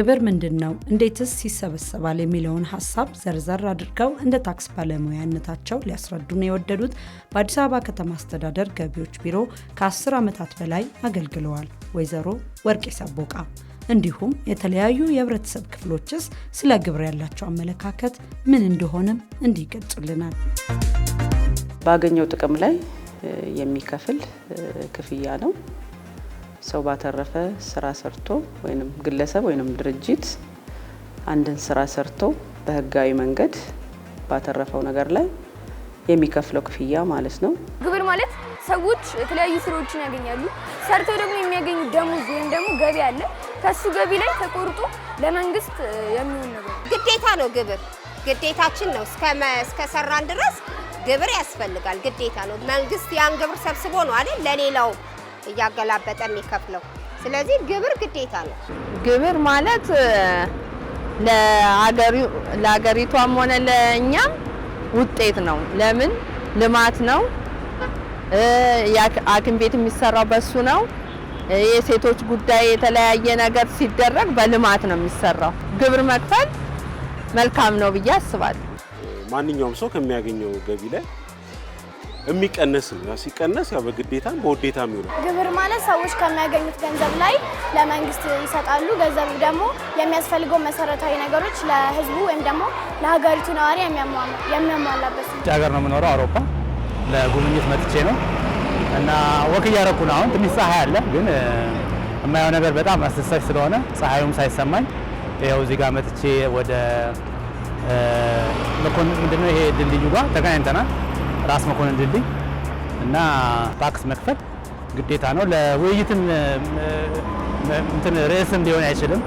ግብር ምንድን ነው? እንዴትስ ይሰበሰባል? የሚለውን ሀሳብ ዘርዘር አድርገው እንደ ታክስ ባለሙያነታቸው ሊያስረዱን የወደዱት በአዲስ አበባ ከተማ አስተዳደር ገቢዎች ቢሮ ከ10 ዓመታት በላይ አገልግለዋል ወይዘሮ ወርቄ ሰቦቃ። እንዲሁም የተለያዩ የህብረተሰብ ክፍሎችስ ስለ ግብር ያላቸው አመለካከት ምን እንደሆነም እንዲገልጹልናል። ባገኘው ጥቅም ላይ የሚከፍል ክፍያ ነው። ሰው ባተረፈ ስራ ሰርቶ ወይም ግለሰብ ወይም ድርጅት አንድን ስራ ሰርቶ በህጋዊ መንገድ ባተረፈው ነገር ላይ የሚከፍለው ክፍያ ማለት ነው። ግብር ማለት ሰዎች የተለያዩ ስራዎችን ያገኛሉ። ሰርተው ደግሞ የሚያገኙ ደሞዝ ወይም ደግሞ ገቢ አለ። ከሱ ገቢ ላይ ተቆርጦ ለመንግስት የሚሆን ነገር ግዴታ ነው። ግብር ግዴታችን ነው። እስከሰራን ድረስ ግብር ያስፈልጋል፣ ግዴታ ነው። መንግስት ያን ግብር ሰብስቦ ነው አይደል ለሌላው እያገላበጠ የሚከፍለው። ስለዚህ ግብር ግዴታ ነው። ግብር ማለት ለሀገሪቷም ሆነ ለእኛም ውጤት ነው። ለምን ልማት ነው። ሐኪም ቤት የሚሰራው በሱ ነው። የሴቶች ጉዳይ የተለያየ ነገር ሲደረግ በልማት ነው የሚሰራው። ግብር መክፈል መልካም ነው ብዬ አስባለሁ። ማንኛውም ሰው ከሚያገኘው ገቢ ላይ የሚቀነስ ነው። ሲቀነስ ያው በግዴታ በውዴታ ይሆናል። ግብር ማለት ሰዎች ከሚያገኙት ገንዘብ ላይ ለመንግስት ይሰጣሉ። ገንዘብ ደግሞ የሚያስፈልገው መሰረታዊ ነገሮች ለህዝቡ ወይም ደግሞ ለሀገሪቱ ነዋሪ የሚያሟላበት ነው። ሀገር ነው የምኖረው፣ አውሮፓ ለጉብኝት መጥቼ ነው እና ወክ እያረኩ ነው። አሁን ትንሽ ፀሐይ አለ፣ ግን የማየው ነገር በጣም አስደሳች ስለሆነ ፀሐዩም ሳይሰማኝ ያው እዚህ ጋር መጥቼ ወደ ምንድነው ይሄ ድልድዩ ጋር ተገናኝተናል። ራስ መኮንን ድልድይ እና ታክስ መክፈል ግዴታ ነው። ለውይይትም እንትን ርዕስም ሊሆን አይችልም።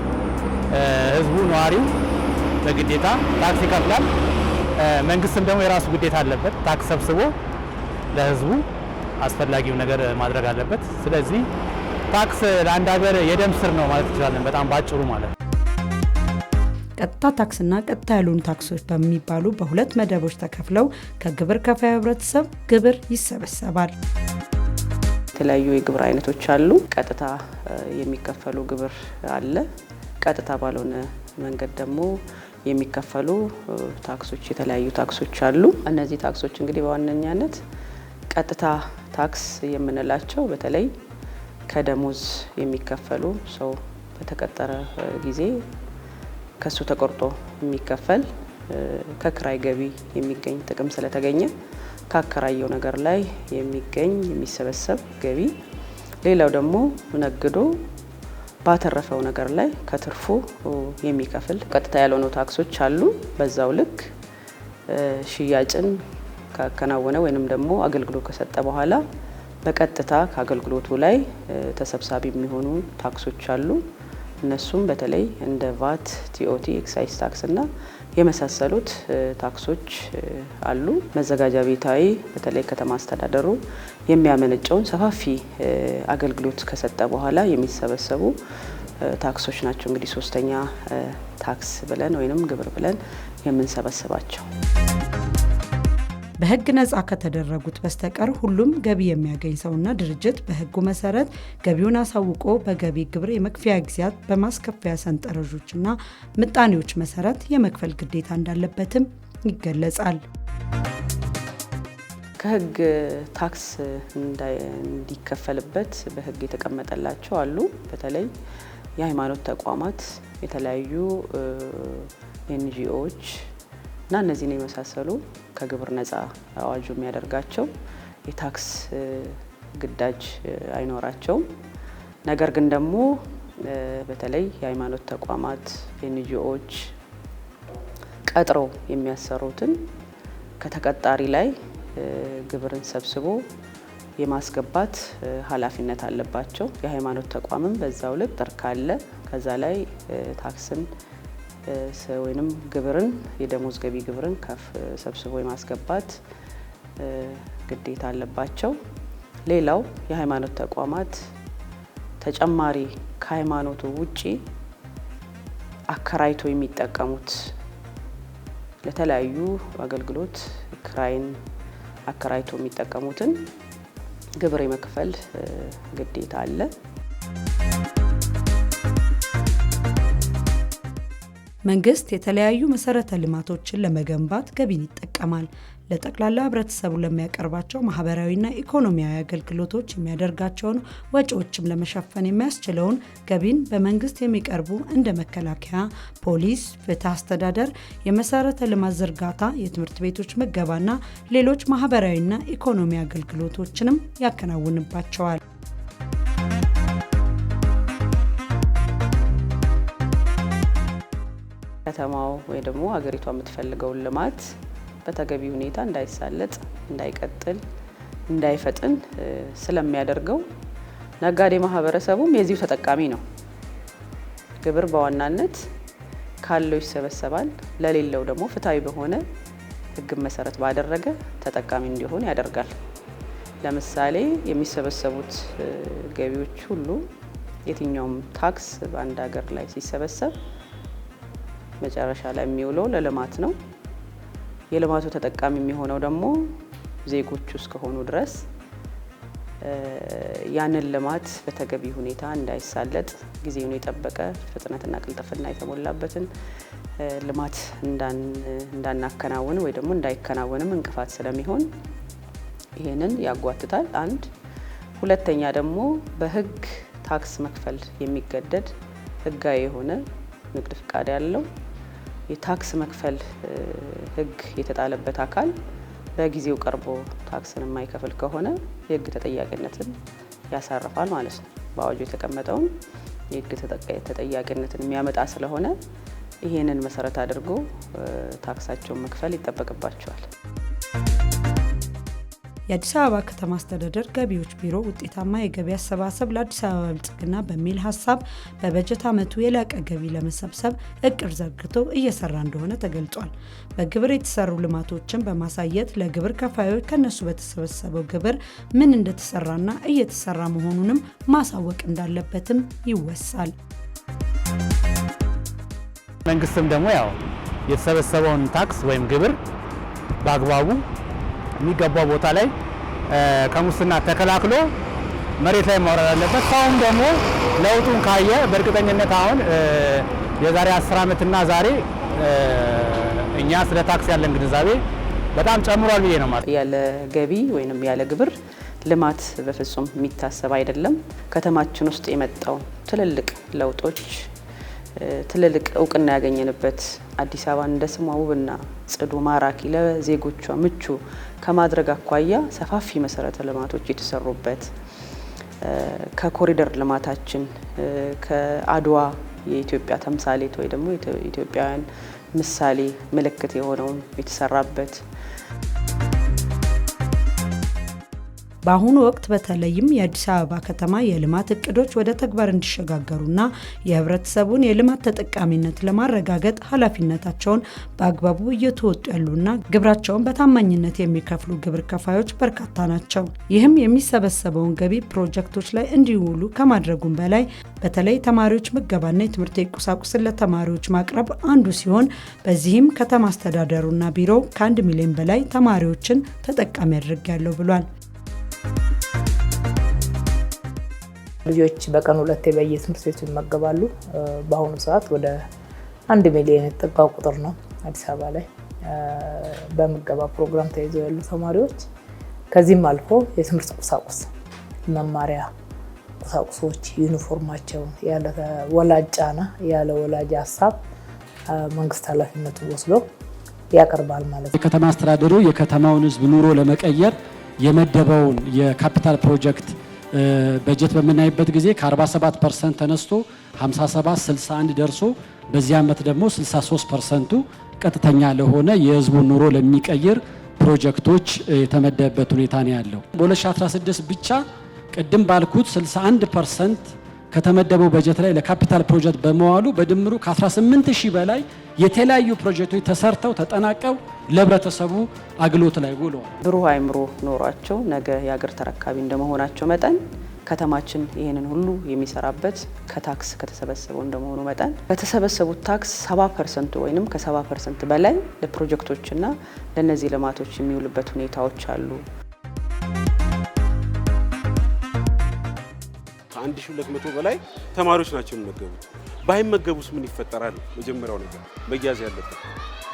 ህዝቡ ነዋሪው በግዴታ ታክስ ይከፍላል። መንግስትም ደግሞ የራሱ ግዴታ አለበት። ታክስ ሰብስቦ ለህዝቡ አስፈላጊው ነገር ማድረግ አለበት። ስለዚህ ታክስ ለአንድ ሀገር የደም ስር ነው ማለት እንችላለን፣ በጣም ባጭሩ ማለት ነው። ቀጥታ ታክስና ቀጥታ ያልሆኑ ታክሶች በሚባሉ በሁለት መደቦች ተከፍለው ከግብር ከፋዩ ህብረተሰብ ግብር ይሰበሰባል። የተለያዩ የግብር አይነቶች አሉ። ቀጥታ የሚከፈሉ ግብር አለ። ቀጥታ ባልሆነ መንገድ ደግሞ የሚከፈሉ ታክሶች የተለያዩ ታክሶች አሉ። እነዚህ ታክሶች እንግዲህ በዋነኛነት ቀጥታ ታክስ የምንላቸው በተለይ ከደሞዝ የሚከፈሉ ሰው በተቀጠረ ጊዜ ከሱ ተቆርጦ የሚከፈል ከክራይ ገቢ የሚገኝ ጥቅም ስለተገኘ ካከራየው ነገር ላይ የሚገኝ የሚሰበሰብ ገቢ፣ ሌላው ደግሞ ነግዶ ባተረፈው ነገር ላይ ከትርፉ የሚከፍል ቀጥታ ያልሆኑ ታክሶች አሉ። በዛው ልክ ሽያጭን ካከናወነ ወይንም ደግሞ አገልግሎት ከሰጠ በኋላ በቀጥታ ከአገልግሎቱ ላይ ተሰብሳቢ የሚሆኑ ታክሶች አሉ። እነሱም በተለይ እንደ ቫት፣ ቲኦቲ፣ ኤክሳይዝ ታክስ እና የመሳሰሉት ታክሶች አሉ። መዘጋጃ ቤታዊ በተለይ ከተማ አስተዳደሩ የሚያመነጨውን ሰፋፊ አገልግሎት ከሰጠ በኋላ የሚሰበሰቡ ታክሶች ናቸው። እንግዲህ ሶስተኛ ታክስ ብለን ወይም ግብር ብለን የምንሰበስባቸው በህግ ነጻ ከተደረጉት በስተቀር ሁሉም ገቢ የሚያገኝ ሰውና ድርጅት በህጉ መሰረት ገቢውን አሳውቆ በገቢ ግብር የመክፊያ ጊዜያት በማስከፈያ ሰንጠረዦችና ምጣኔዎች መሰረት የመክፈል ግዴታ እንዳለበትም ይገለጻል። ከህግ ታክስ እንዲከፈልበት በህግ የተቀመጠላቸው አሉ። በተለይ የሃይማኖት ተቋማት የተለያዩ ኤንጂኦዎች እና እነዚህን የመሳሰሉ ከግብር ነፃ አዋጁ የሚያደርጋቸው የታክስ ግዳጅ አይኖራቸውም። ነገር ግን ደግሞ በተለይ የሃይማኖት ተቋማት፣ ኤንጂኦዎች ቀጥሮ የሚያሰሩትን ከተቀጣሪ ላይ ግብርን ሰብስቦ የማስገባት ኃላፊነት አለባቸው። የሃይማኖት ተቋምም በዛው ልክ ጥር ካለ ከዛ ላይ ታክስን ወይም ግብርን የደሞዝ ገቢ ግብርን ከፍ ሰብስቦ የማስገባት ግዴታ አለባቸው። ሌላው የሃይማኖት ተቋማት ተጨማሪ ከሃይማኖቱ ውጪ አከራይቶ የሚጠቀሙት ለተለያዩ አገልግሎት ክራይን አከራይቶ የሚጠቀሙትን ግብር የመክፈል ግዴታ አለ። መንግስት የተለያዩ መሰረተ ልማቶችን ለመገንባት ገቢን ይጠቀማል። ለጠቅላላ ህብረተሰቡ ለሚያቀርባቸው ማህበራዊና ኢኮኖሚያዊ አገልግሎቶች የሚያደርጋቸውን ወጪዎችም ለመሸፈን የሚያስችለውን ገቢን በመንግስት የሚቀርቡ እንደ መከላከያ፣ ፖሊስ፣ ፍትህ አስተዳደር፣ የመሰረተ ልማት ዝርጋታ፣ የትምህርት ቤቶች ምገባና ሌሎች ማህበራዊና ኢኮኖሚ አገልግሎቶችንም ያከናውንባቸዋል። ከተማው ወይ ደግሞ ሀገሪቷ የምትፈልገውን ልማት በተገቢ ሁኔታ እንዳይሳለጥ፣ እንዳይቀጥል፣ እንዳይፈጥን ስለሚያደርገው ነጋዴ ማህበረሰቡም የዚሁ ተጠቃሚ ነው። ግብር በዋናነት ካለው ይሰበሰባል፣ ለሌለው ደግሞ ፍትሐዊ በሆነ ህግ መሰረት ባደረገ ተጠቃሚ እንዲሆን ያደርጋል። ለምሳሌ የሚሰበሰቡት ገቢዎች ሁሉ የትኛውም ታክስ በአንድ ሀገር ላይ ሲሰበሰብ መጨረሻ ላይ የሚውለው ለልማት ነው። የልማቱ ተጠቃሚ የሚሆነው ደግሞ ዜጎቹ እስከሆኑ ድረስ ያንን ልማት በተገቢ ሁኔታ እንዳይሳለጥ ጊዜውን የጠበቀ ፍጥነትና ቅልጥፍና የተሞላበትን ልማት እንዳናከናውን ወይ ደግሞ እንዳይከናወንም እንቅፋት ስለሚሆን ይህንን ያጓትታል። አንድ ሁለተኛ ደግሞ በህግ ታክስ መክፈል የሚገደድ ህጋዊ የሆነ ንግድ ፍቃድ ያለው የታክስ መክፈል ህግ የተጣለበት አካል በጊዜው ቀርቦ ታክስን የማይከፍል ከሆነ የህግ ተጠያቂነትን ያሳርፋል ማለት ነው። በአዋጁ የተቀመጠውን የህግ ተጠያቂነትን የሚያመጣ ስለሆነ ይህንን መሰረት አድርጎ ታክሳቸውን መክፈል ይጠበቅባቸዋል። የአዲስ አበባ ከተማ አስተዳደር ገቢዎች ቢሮ ውጤታማ የገቢ አሰባሰብ ለአዲስ አበባ ብልጽግና በሚል ሀሳብ በበጀት ዓመቱ የላቀ ገቢ ለመሰብሰብ እቅድ ዘርግቶ እየሰራ እንደሆነ ተገልጿል። በግብር የተሰሩ ልማቶችን በማሳየት ለግብር ከፋዮች ከነሱ በተሰበሰበው ግብር ምን እንደተሰራና እየተሰራ መሆኑንም ማሳወቅ እንዳለበትም ይወሳል። መንግስትም ደግሞ ያው የተሰበሰበውን ታክስ ወይም ግብር በአግባቡ የሚገባው ቦታ ላይ ከሙስና ተከላክሎ መሬት ላይ ማውረድ አለበት። ሰውም ደግሞ ለውጡን ካየ በእርግጠኝነት አሁን የዛሬ አስር ዓመትና ዛሬ እኛ ስለ ታክስ ያለን ግንዛቤ በጣም ጨምሯል ብዬ ነው ማለት። ያለ ገቢ ወይም ያለ ግብር ልማት በፍጹም የሚታሰብ አይደለም። ከተማችን ውስጥ የመጣው ትልልቅ ለውጦች ትልልቅ እውቅና ያገኘንበት አዲስ አበባን እንደ ስሟ ውብና ጽዱ፣ ማራኪ ለዜጎቿ ምቹ ከማድረግ አኳያ ሰፋፊ መሰረተ ልማቶች የተሰሩበት ከኮሪደር ልማታችን ከአድዋ የኢትዮጵያ ተምሳሌት ወይ ደግሞ ኢትዮጵያውያን ምሳሌ ምልክት የሆነውን የተሰራበት በአሁኑ ወቅት በተለይም የአዲስ አበባ ከተማ የልማት እቅዶች ወደ ተግባር እንዲሸጋገሩና የህብረተሰቡን የልማት ተጠቃሚነት ለማረጋገጥ ኃላፊነታቸውን በአግባቡ እየተወጡ ያሉና ግብራቸውን በታማኝነት የሚከፍሉ ግብር ከፋዮች በርካታ ናቸው። ይህም የሚሰበሰበውን ገቢ ፕሮጀክቶች ላይ እንዲውሉ ከማድረጉም በላይ በተለይ ተማሪዎች ምገባና የትምህርት ቁሳቁስን ለተማሪዎች ማቅረብ አንዱ ሲሆን በዚህም ከተማ አስተዳደሩና ቢሮው ከአንድ ሚሊዮን በላይ ተማሪዎችን ተጠቃሚ ያደርጋለሁ ብሏል። ልጆች በቀን ሁለቴ በየትምህርት ቤቱ ይመገባሉ። በአሁኑ ሰዓት ወደ አንድ ሚሊዮን የተጠጋው ቁጥር ነው አዲስ አበባ ላይ በምገባ ፕሮግራም ተይዘው ያሉ ተማሪዎች። ከዚህም አልፎ የትምህርት ቁሳቁስ መማሪያ ቁሳቁሶች ዩኒፎርማቸውን ያለ ወላጅ ጫና ያለ ወላጅ ሀሳብ መንግስት ኃላፊነቱን ወስዶ ያቀርባል ማለት ነው። የከተማ አስተዳደሩ የከተማውን ህዝብ ኑሮ ለመቀየር የመደበውን የካፒታል ፕሮጀክት በጀት በምናይበት ጊዜ ከ47 ፐርሰንት ተነስቶ 57 61 ደርሶ በዚህ ዓመት ደግሞ 63 ፐርሰንቱ ቀጥተኛ ለሆነ የህዝቡን ኑሮ ለሚቀይር ፕሮጀክቶች የተመደበበት ሁኔታ ነው ያለው። በ2016 ብቻ ቅድም ባልኩት 61 ፐርሰንት ከተመደበው በጀት ላይ ለካፒታል ፕሮጀክት በመዋሉ በድምሩ ከ18 ሺህ በላይ የተለያዩ ፕሮጀክቶች ተሰርተው ተጠናቀው ለህብረተሰቡ አግሎት ላይ ውለዋል። ብሩህ አይምሮ ኖሯቸው ነገ የአገር ተረካቢ እንደመሆናቸው መጠን ከተማችን ይህንን ሁሉ የሚሰራበት ከታክስ ከተሰበሰበው እንደመሆኑ መጠን ከተሰበሰቡት ታክስ 70 ፐርሰንቱ ወይም ከ70 ፐርሰንት በላይ ለፕሮጀክቶችና ለእነዚህ ልማቶች የሚውልበት ሁኔታዎች አሉ። ሁለት መቶ በላይ ተማሪዎች ናቸው የሚመገቡት። ባይመገቡስ ምን ይፈጠራል? መጀመሪያው ነገር መያዝ ያለበት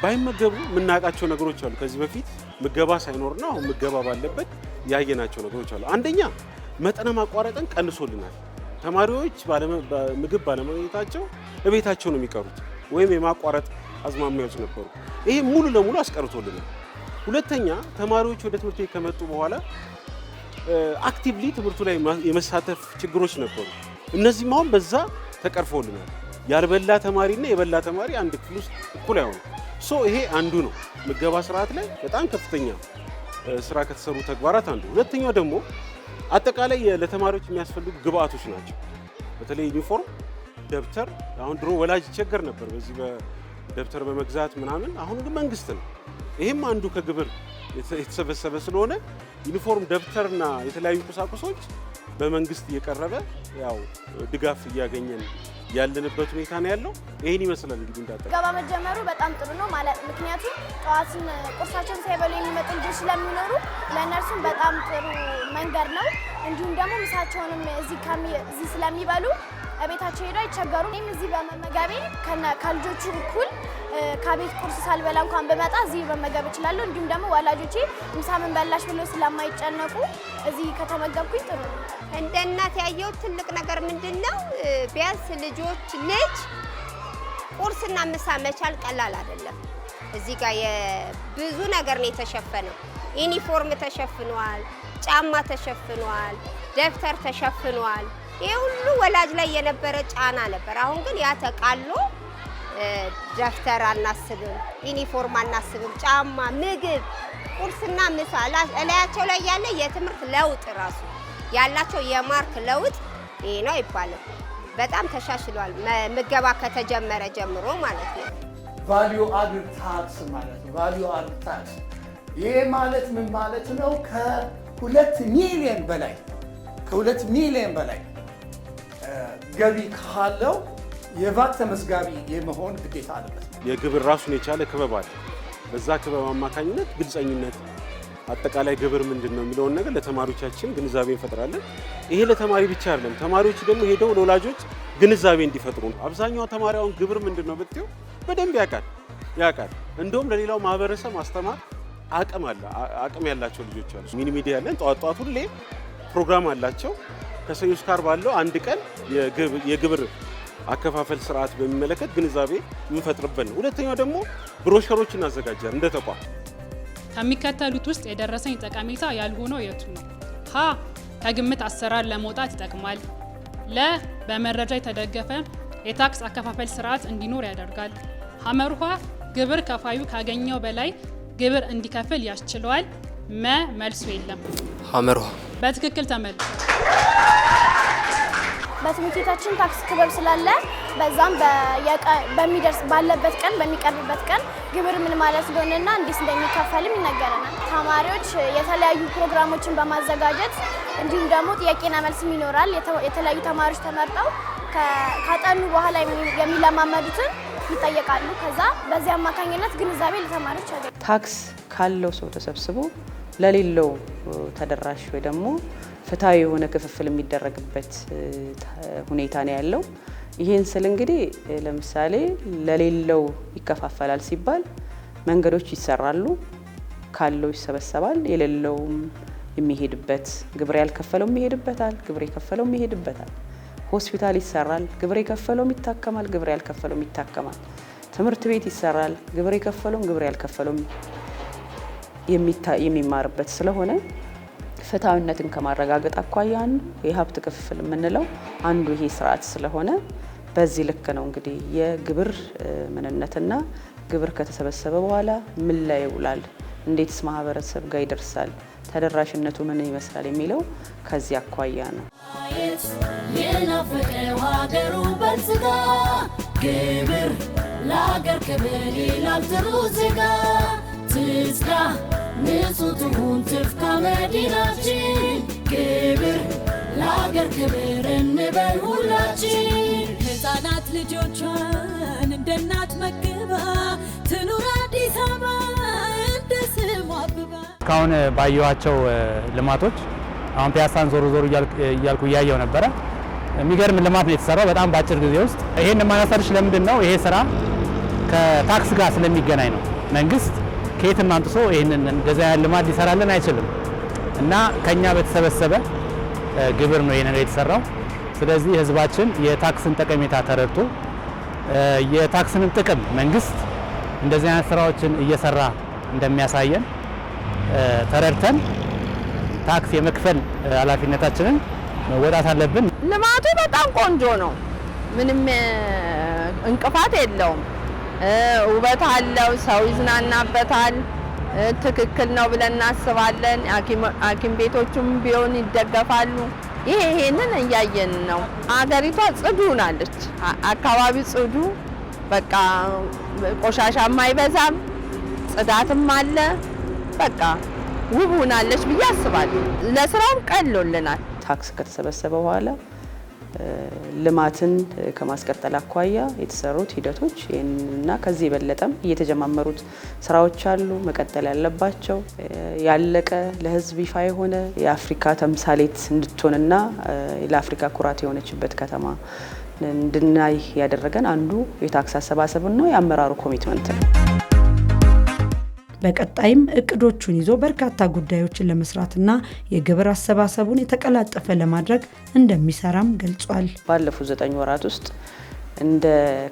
ባይመገቡ የምናውቃቸው ነገሮች አሉ። ከዚህ በፊት ምገባ ሳይኖርና አሁን ምገባ ባለበት ያየናቸው ነገሮች አሉ። አንደኛ መጠነ ማቋረጥን ቀንሶልናል። ተማሪዎች ምግብ ባለማግኘታቸው እቤታቸው ነው የሚቀሩት፣ ወይም የማቋረጥ አዝማሚያዎች ነበሩ። ይሄ ሙሉ ለሙሉ አስቀርቶልናል። ሁለተኛ ተማሪዎች ወደ ትምህርት ቤት ከመጡ በኋላ አክቲቭሊ ትምህርቱ ላይ የመሳተፍ ችግሮች ነበሩ። እነዚህም አሁን በዛ ተቀርፎልናል። ያልበላ ተማሪና የበላ ተማሪ አንድ ክፍል ውስጥ እኩል አይሆንም። ሶ ይሄ አንዱ ነው። ምገባ ስርዓት ላይ በጣም ከፍተኛ ስራ ከተሰሩ ተግባራት አንዱ። ሁለተኛው ደግሞ አጠቃላይ ለተማሪዎች የሚያስፈልጉ ግብአቶች ናቸው። በተለይ ዩኒፎርም፣ ደብተር። አሁን ድሮ ወላጅ ይቸገር ነበር በዚህ በደብተር በመግዛት ምናምን። አሁን ግን መንግስት ነው። ይህም አንዱ ከግብር የተሰበሰበ ስለሆነ ዩኒፎርም፣ ደብተርና የተለያዩ ቁሳቁሶች በመንግስት እየቀረበ ያው ድጋፍ እያገኘን ያለንበት ሁኔታ ነው ያለው። ይህን ይመስላል እንግዲህ እንዳጠ ገባ መጀመሩ በጣም ጥሩ ነው ማለት ምክንያቱም ጠዋትን ቁርሳቸውን ሳይበሉ የሚመጡ ልጆች ስለሚኖሩ ለእነርሱም በጣም ጥሩ መንገድ ነው። እንዲሁም ደግሞ ምሳቸውንም እዚህ ስለሚበሉ ቤታቸው ሄደው አይቸገሩም። ይህም እዚህ በመመገቤ ከልጆቹ እኩል ከቤት ቁርስ ሳልበላ እንኳን በመጣ እዚህ መመገብ እችላለሁ። እንዲሁም ደግሞ ወላጆቼ ምሳ ምን በላሽ ብሎ ስለማይጨነቁ እዚህ ከተመገብኩኝ ጥሩ ነው። እንደ እናት ያየው ትልቅ ነገር ምንድን ነው? ቢያንስ ልጆች ልጅ ቁርስና ምሳ መቻል ቀላል አይደለም። እዚህ ጋር የብዙ ነገር ነው የተሸፈነው። ዩኒፎርም ተሸፍኗል፣ ጫማ ተሸፍኗል፣ ደብተር ተሸፍኗል። ይህ ሁሉ ወላጅ ላይ የነበረ ጫና ነበር። አሁን ግን ያ ተቃሎ ደፍተር አናስብም፣ ዩኒፎርም አናስብም፣ ጫማ፣ ምግብ፣ ቁርስና ምሳ እላያቸው ላይ ያለ የትምህርት ለውጥ ራሱ ያላቸው የማርክ ለውጥ ይሄ ነው ይባላል። በጣም ተሻሽሏል፣ ምገባ ከተጀመረ ጀምሮ ማለት ነው። ቫሊዩ አድድ ታክስ ማለት ነው። ቫሊዩ አድድ ታክስ ይሄ ማለት ምን ማለት ነው? ከሁለት ሚሊዮን በላይ ከሁለት ሚሊዮን በላይ ገቢ ካለው የቫት ተመዝጋቢ የመሆን ግዴታ አለበት። የግብር ራሱን የቻለ ክበብ አለ። በዛ ክበብ አማካኝነት ግልጸኝነት፣ አጠቃላይ ግብር ምንድን ነው የሚለውን ነገር ለተማሪዎቻችን ግንዛቤ እንፈጥራለን። ይሄ ለተማሪ ብቻ አይደለም፣ ተማሪዎች ደግሞ ሄደው ለወላጆች ግንዛቤ እንዲፈጥሩ ነው። አብዛኛው ተማሪውን ግብር ምንድን ነው ብትው በደንብ ያውቃል ያውቃል። እንደውም ለሌላው ማህበረሰብ ማስተማር አቅም አለ አቅም ያላቸው ልጆች አሉ። ሚኒ ሚዲያ ያለን ጠዋት ጠዋት ሁሌ ፕሮግራም አላቸው። ከሰኞ እስከ ዓርብ ባለው አንድ ቀን የግብር አከፋፈል ስርዓት በሚመለከት ግንዛቤ የምንፈጥርበት ነው። ሁለተኛው ደግሞ ብሮሸሮች እናዘጋጃለን እንደ ተቋም። ከሚከተሉት ውስጥ የደረሰኝ ጠቀሜታ ያልሆነው የቱ ነው? ሀ ከግምት አሰራር ለመውጣት ይጠቅማል። ለ በመረጃ የተደገፈ የታክስ አከፋፈል ስርዓት እንዲኖር ያደርጋል። ሀመርኋ ግብር ከፋዩ ካገኘው በላይ ግብር እንዲከፍል ያስችለዋል። መ መልሱ የለም። ሀመርኋ በትክክል ተመልሷል። በትምህርት ቤታችን ታክስ ክበብ ስላለ በዛም በሚደርስ ባለበት ቀን በሚቀርብበት ቀን ግብር ምን ማለት እንደሆነና እንዴት እንደሚከፈልም ይነገረናል። ተማሪዎች የተለያዩ ፕሮግራሞችን በማዘጋጀት እንዲሁም ደግሞ ጥያቄና መልስም ይኖራል። የተለያዩ ተማሪዎች ተመርጠው ካጠኑ በኋላ የሚለማመዱትን ይጠየቃሉ። ከዛ በዚህ አማካኝነት ግንዛቤ ለተማሪዎች ያገ ታክስ ካለው ሰው ተሰብስቦ ለሌለው ተደራሽ ወይ ደግሞ ፍትሐዊ የሆነ ክፍፍል የሚደረግበት ሁኔታ ነው ያለው። ይህን ስል እንግዲህ ለምሳሌ ለሌለው ይከፋፈላል ሲባል መንገዶች ይሰራሉ፣ ካለው ይሰበሰባል፣ የሌለውም የሚሄድበት ግብር ያልከፈለው ይሄድበታል፣ ግብር የከፈለው ይሄድበታል። ሆስፒታል ይሰራል፣ ግብር የከፈለው ይታከማል፣ ግብር ያልከፈለው ይታከማል። ትምህርት ቤት ይሰራል፣ ግብር የከፈለውም ግብር ያልከፈለውም የሚማርበት ስለሆነ ፍትሐዊነትን ከማረጋገጥ አኳያ ነው። የሀብት ክፍፍል የምንለው አንዱ ይሄ ስርዓት ስለሆነ በዚህ ልክ ነው እንግዲህ የግብር ምንነትና ግብር ከተሰበሰበ በኋላ ምን ላይ ይውላል፣ እንዴትስ ማህበረሰብ ጋር ይደርሳል፣ ተደራሽነቱ ምን ይመስላል የሚለው ከዚህ አኳያ ነው። ሀገሩ በልጽጋ ግብር ለሀገር ክብር ይላል ንጹህ ትሁን ትፍታ መዲናችን። ክብር ለአገር ክብር እንበል ሁላችን። ሕፃናት ልጆቿን እንደ እናት መግባ ትኑር አዲስ አበባ እንደ ስሟ አብባ። እስካሁን ባየኋቸው ልማቶች አሁን ፒያሳን ዞሮ ዞሮ እያልኩ እያየው ነበረ። የሚገርም ልማት ነው የተሰራው በጣም በአጭር ጊዜ ውስጥ። ይሄን የማነሳልሽ ለምንድን ነው? ይሄ ስራ ከታክስ ጋር ስለሚገናኝ ነው። መንግስት ከየትም አምጥቶ ይህንን እንደዛ ያለ ልማት ሊሰራልን አይችልም እና ከኛ በተሰበሰበ ግብር ነው ይህ የተሰራው። ስለዚህ ህዝባችን የታክስን ጠቀሜታ ተረድቶ የታክስንም ጥቅም መንግስት እንደዚህ አይነት ስራዎችን እየሰራ እንደሚያሳየን ተረድተን ታክስ የመክፈል ኃላፊነታችንን መወጣት አለብን። ልማቱ በጣም ቆንጆ ነው። ምንም እንቅፋት የለውም። ውበት አለው። ሰው ይዝናናበታል። ትክክል ነው ብለን እናስባለን። ሐኪም ቤቶቹም ቢሆን ይደገፋሉ። ይሄ ይሄንን እያየን ነው። አገሪቷ ጽዱ ናለች። አካባቢው ጽዱ፣ በቃ ቆሻሻም አይበዛም፣ ጽዳትም አለ። በቃ ውብ ሆናለች ብዬ አስባለሁ። ለስራውም ቀሎልናል። ታክስ ከተሰበሰበ በኋላ ልማትን ከማስቀጠል አኳያ የተሰሩት ሂደቶች ይህንና ከዚህ የበለጠም እየተጀማመሩት ስራዎች አሉ መቀጠል ያለባቸው። ያለቀ ለህዝብ ይፋ የሆነ የአፍሪካ ተምሳሌት እንድትሆንና ለአፍሪካ ኩራት የሆነችበት ከተማ እንድናይ ያደረገን አንዱ የታክስ አሰባሰብና የአመራሩ ኮሚትመንት ነው። በቀጣይም እቅዶቹን ይዞ በርካታ ጉዳዮችን ለመስራትና የግብር አሰባሰቡን የተቀላጠፈ ለማድረግ እንደሚሰራም ገልጿል። ባለፉት ዘጠኝ ወራት ውስጥ እንደ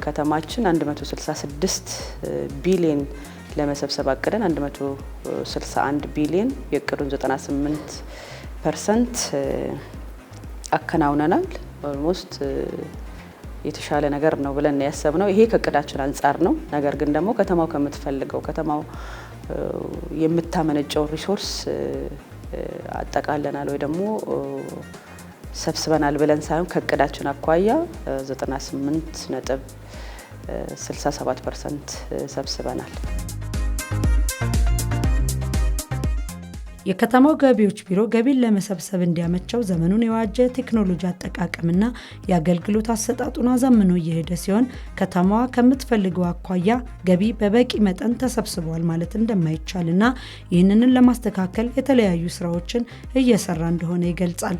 ከተማችን 166 ቢሊዮን ለመሰብሰብ አቅደን 161 ቢሊዮን የእቅዱን 98 ፐርሰንት አከናውነናል። ኦልሞስት የተሻለ ነገር ነው ብለን ያሰብነው ይሄ ከእቅዳችን አንጻር ነው። ነገር ግን ደግሞ ከተማው ከምትፈልገው ከተማው የምታመነጨው ሪሶርስ አጠቃለናል ወይ ደግሞ ሰብስበናል ብለን ሳይሆን ከእቅዳችን አኳያ 98 ነጥብ 67 ፐርሰንት ሰብስበናል። የከተማው ገቢዎች ቢሮ ገቢን ለመሰብሰብ እንዲያመቸው ዘመኑን የዋጀ ቴክኖሎጂ አጠቃቀምና የአገልግሎት አሰጣጡን አዘምኖ እየሄደ ሲሆን ከተማዋ ከምትፈልገው አኳያ ገቢ በበቂ መጠን ተሰብስቧል ማለት እንደማይቻልና ይህንንን ለማስተካከል የተለያዩ ስራዎችን እየሰራ እንደሆነ ይገልጻል።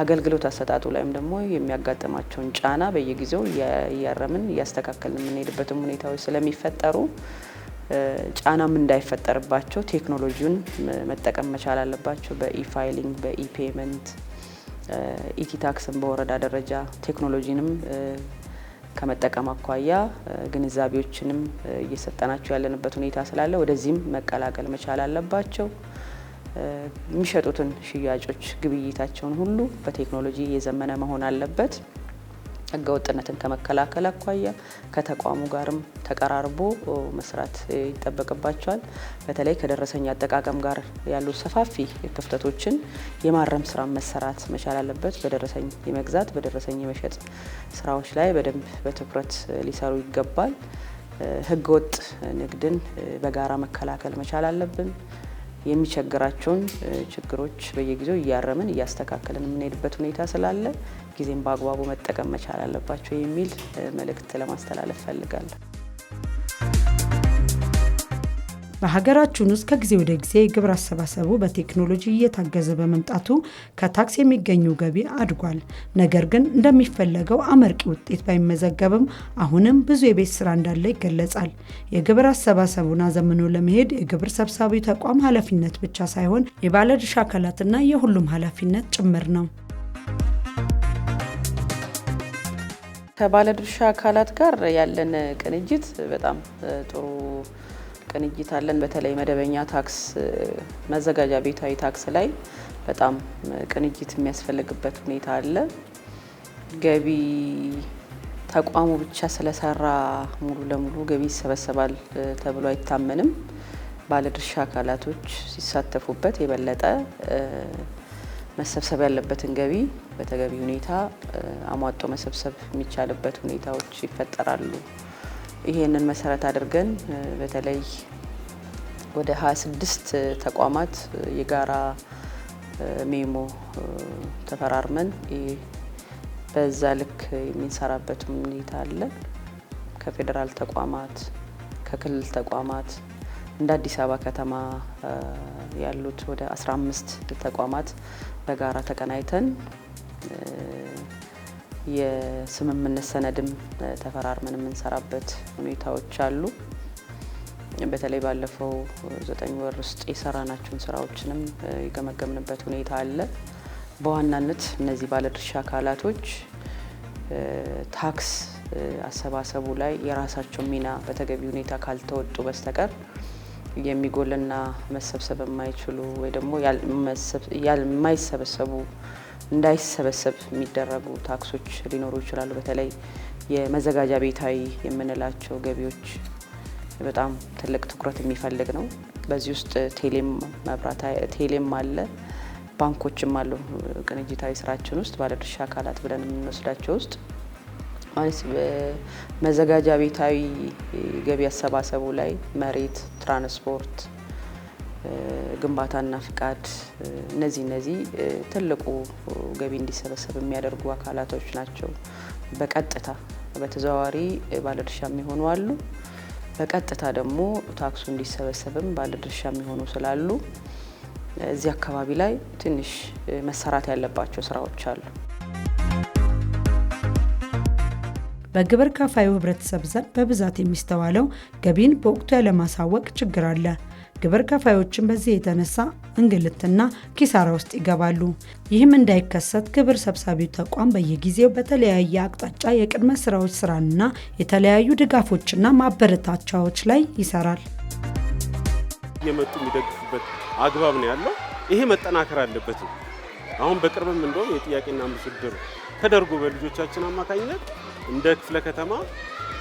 አገልግሎት አሰጣጡ ላይም ደግሞ የሚያጋጥማቸውን ጫና በየጊዜው እያረምን እያስተካከልን የምንሄድበትም ሁኔታዎች ስለሚፈጠሩ ጫናም እንዳይፈጠርባቸው ቴክኖሎጂውን መጠቀም መቻል አለባቸው። በኢፋይሊንግ፣ በኢፔመንት፣ ኢቲታክስን በወረዳ ደረጃ ቴክኖሎጂንም ከመጠቀም አኳያ ግንዛቤዎችንም እየሰጠናቸው ያለንበት ሁኔታ ስላለ ወደዚህም መቀላቀል መቻል አለባቸው። የሚሸጡትን ሽያጮች ግብይታቸውን ሁሉ በቴክኖሎጂ እየዘመነ መሆን አለበት። ህገወጥነትን ከመከላከል አኳያ ከተቋሙ ጋርም ተቀራርቦ መስራት ይጠበቅባቸዋል። በተለይ ከደረሰኝ አጠቃቀም ጋር ያሉ ሰፋፊ ክፍተቶችን የማረም ስራ መሰራት መቻል አለበት። በደረሰኝ የመግዛት በደረሰኝ የመሸጥ ስራዎች ላይ በደንብ በትኩረት ሊሰሩ ይገባል። ህገወጥ ንግድን በጋራ መከላከል መቻል አለብን። የሚቸግራቸውን ችግሮች በየጊዜው እያረምን እያስተካከልን የምንሄድበት ሁኔታ ስላለ ጊዜም በአግባቡ መጠቀም መቻል አለባቸው የሚል መልእክት ለማስተላለፍ ፈልጋለሁ። በሀገራችን ውስጥ ከጊዜ ወደ ጊዜ የግብር አሰባሰቡ በቴክኖሎጂ እየታገዘ በመምጣቱ ከታክስ የሚገኙ ገቢ አድጓል። ነገር ግን እንደሚፈለገው አመርቂ ውጤት ባይመዘገብም አሁንም ብዙ የቤት ስራ እንዳለ ይገለጻል። የግብር አሰባሰቡን አዘምኖ ለመሄድ የግብር ሰብሳቢ ተቋም ኃላፊነት ብቻ ሳይሆን የባለድርሻ አካላትና የሁሉም ኃላፊነት ጭምር ነው። ከባለድርሻ አካላት ጋር ያለን ቅንጅት በጣም ጥሩ ቅንጅት አለን። በተለይ መደበኛ ታክስ መዘጋጃ ቤታዊ ታክስ ላይ በጣም ቅንጅት የሚያስፈልግበት ሁኔታ አለ። ገቢ ተቋሙ ብቻ ስለሰራ ሙሉ ለሙሉ ገቢ ይሰበሰባል ተብሎ አይታመንም። ባለድርሻ አካላቶች ሲሳተፉበት የበለጠ መሰብሰብ ያለበትን ገቢ በተገቢ ሁኔታ አሟጦ መሰብሰብ የሚቻልበት ሁኔታዎች ይፈጠራሉ። ይህንን መሰረት አድርገን በተለይ ወደ 26 ተቋማት የጋራ ሜሞ ተፈራርመን በዛ ልክ የሚንሰራበት ሁኔታ አለ። ከፌዴራል ተቋማት፣ ከክልል ተቋማት እንደ አዲስ አበባ ከተማ ያሉት ወደ 15 ተቋማት በጋራ ተቀናይተን የስምምነት ሰነድም ተፈራርመን የምንሰራበት ሁኔታዎች አሉ። በተለይ ባለፈው ዘጠኝ ወር ውስጥ የሰራናቸውን ስራዎችንም የገመገምንበት ሁኔታ አለ። በዋናነት እነዚህ ባለድርሻ አካላቶች ታክስ አሰባሰቡ ላይ የራሳቸው ሚና በተገቢ ሁኔታ ካልተወጡ በስተቀር የሚጎልና መሰብሰብ የማይችሉ ወይ ደግሞ የማይሰበሰቡ እንዳይሰበሰብ የሚደረጉ ታክሶች ሊኖሩ ይችላሉ። በተለይ የመዘጋጃ ቤታዊ የምንላቸው ገቢዎች በጣም ትልቅ ትኩረት የሚፈልግ ነው። በዚህ ውስጥ ቴሌም መብራት ቴሌም አለ፣ ባንኮችም አሉ። ቅንጅታዊ ስራችን ውስጥ ባለድርሻ አካላት ብለን የምንወስዳቸው ውስጥ መዘጋጃ ቤታዊ ገቢ አሰባሰቡ ላይ መሬት፣ ትራንስፖርት ግንባታና ፍቃድ እነዚህ እነዚህ ትልቁ ገቢ እንዲሰበሰብ የሚያደርጉ አካላቶች ናቸው። በቀጥታ በተዘዋዋሪ ባለድርሻ የሚሆኑ አሉ። በቀጥታ ደግሞ ታክሱ እንዲሰበሰብም ባለድርሻ የሚሆኑ ስላሉ እዚህ አካባቢ ላይ ትንሽ መሰራት ያለባቸው ስራዎች አሉ። በግብር ከፋዩ ህብረተሰብ ዘንድ በብዛት የሚስተዋለው ገቢን በወቅቱ ያለማሳወቅ ችግር አለ። ግብር ከፋዮችን በዚህ የተነሳ እንግልትና ኪሳራ ውስጥ ይገባሉ። ይህም እንዳይከሰት ግብር ሰብሳቢው ተቋም በየጊዜው በተለያየ አቅጣጫ የቅድመ ስራዎች ስራና የተለያዩ ድጋፎችና ማበረታቻዎች ላይ ይሰራል። እየመጡ የሚደግፉበት አግባብ ነው ያለው። ይሄ መጠናከር አለበት። አሁን በቅርብም እንደውም የጥያቄና መልስ ውድድር ተደርጎ በልጆቻችን አማካኝነት እንደ ክፍለ ከተማ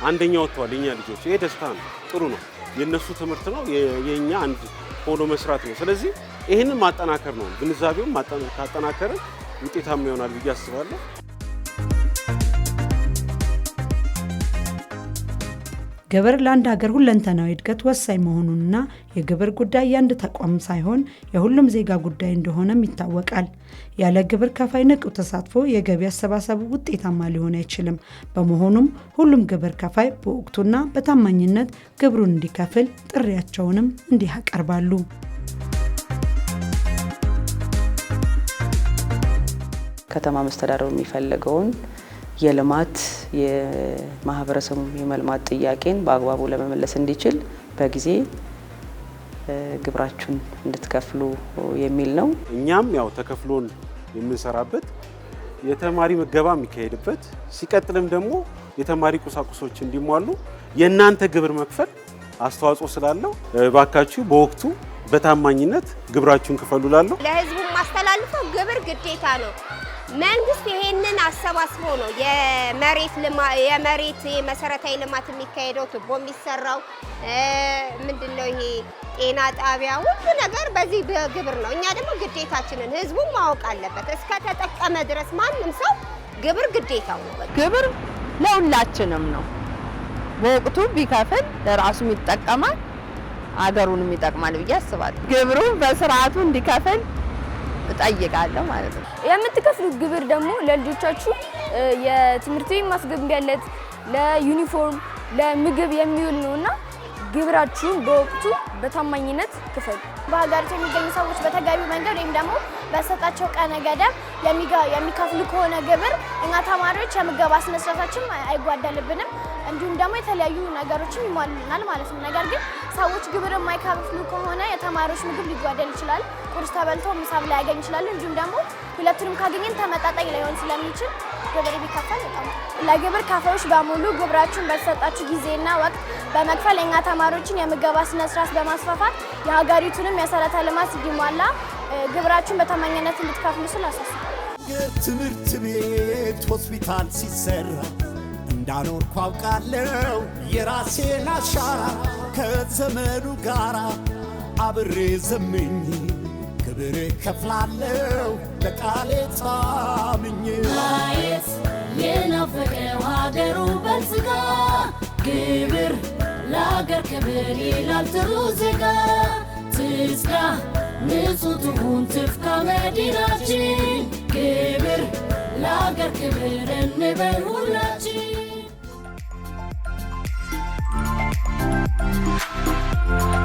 አንደኛ ወጥተዋል የኛ ልጆች። ይሄ ደስታ ነው፣ ጥሩ ነው። የእነሱ ትምህርት ነው፣ የእኛ አንድ ሆኖ መስራት ነው። ስለዚህ ይህንን ማጠናከር ነው። ግንዛቤውን ካጠናከርን ውጤታማ ይሆናል ብዬ አስባለሁ። ግብር ለአንድ ሀገር ሁለንተናዊ እድገት ወሳኝ መሆኑንና የግብር ጉዳይ የአንድ ተቋም ሳይሆን የሁሉም ዜጋ ጉዳይ እንደሆነም ይታወቃል። ያለ ግብር ከፋይ ንቁ ተሳትፎ የገቢ አሰባሰቡ ውጤታማ ሊሆን አይችልም። በመሆኑም ሁሉም ግብር ከፋይ በወቅቱና በታማኝነት ግብሩን እንዲከፍል ጥሪያቸውንም እንዲህ ያቀርባሉ። ከተማ መስተዳደሩ የሚፈልገውን የልማት የማህበረሰቡ የመልማት ጥያቄን በአግባቡ ለመመለስ እንዲችል በጊዜ ግብራችሁን እንድትከፍሉ የሚል ነው። እኛም ያው ተከፍሎን የምንሰራበት የተማሪ ምገባ የሚካሄድበት ሲቀጥልም ደግሞ የተማሪ ቁሳቁሶች እንዲሟሉ የእናንተ ግብር መክፈል አስተዋጽኦ ስላለው ባካችሁ በወቅቱ በታማኝነት ግብራችሁን ክፈሉ ላለሁ ለህዝቡ ማስተላልፈው ግብር ግዴታ ነው። መንግስት ይሄንን አሰባስቦ ነው የመሬት የመሬት መሰረታዊ ልማት የሚካሄደው፣ ቱቦ የሚሰራው ምንድን ነው ይሄ ጤና ጣቢያ፣ ሁሉ ነገር በዚህ በግብር ነው። እኛ ደግሞ ግዴታችንን ህዝቡ ማወቅ አለበት። እስከ ተጠቀመ ድረስ ማንም ሰው ግብር ግዴታው ነው። ግብር ለሁላችንም ነው። በወቅቱ ቢከፍል ለራሱም ይጠቀማል፣ አገሩንም ይጠቅማል ብዬ አስባለሁ። ግብሩን በስርዓቱ እንዲከፍል እጠይቃለሁ ማለት ነው። የምትከፍሉት ግብር ደግሞ ለልጆቻችሁ የትምህርት ማስገቢያለት፣ ለዩኒፎርም፣ ለምግብ የሚውል ነው እና ግብራችሁን በወቅቱ በታማኝነት ክፈሉ። በሀገሪቱ የሚገኙ ሰዎች በተገቢ መንገድ ወይም ደግሞ በሰጣቸው ቀነ ገደብ የሚከፍሉ ከሆነ ግብር እኛ ተማሪዎች የምገባ ስነስርዓታችን አይጓደልብንም፣ እንዲሁም ደግሞ የተለያዩ ነገሮችም ይሟሉናል ማለት ነው ነገር ግን ሰዎች ግብር የማይከፍሉ ከሆነ የተማሪዎች ምግብ ሊጓደል ይችላል። ቁርስ ተበልቶ ምሳብ ላይ ያገኝ ይችላል። እንዲሁም ደግሞ ሁለቱንም ካገኘን ተመጣጣኝ ላይሆን ስለሚችል ግብር ቢከፈል በጣም ለግብር ከፋዮች በሙሉ ግብራችሁን በተሰጣችሁ ጊዜና ወቅት በመክፈል የኛ ተማሪዎችን የምገባ ስነስርዓት በማስፋፋት የሀገሪቱንም መሰረተ ልማት እንዲሟላ ግብራችሁን በታማኝነት እንድትከፍሉ ስል አሳስባል። ትምህርት ቤት ሆስፒታል ሲሰራ እንዳኖርኩ አውቃለው የራሴን አሻራ ከዘመኑ ጋራ አብሬ ዘምኝ ክብሬ ከፍላለው ለቃሌ ጻምኝ ማየት የናፈቀው ሀገሩ በልጽጋ ግብር ለአገር ክብር ይላል ጥሩ ዜጋ ትስጋ ንጹህ ትሁን ትፍካ መዲናችን ግብር ለአገር ክብር እንበል ሁላችን Thank you.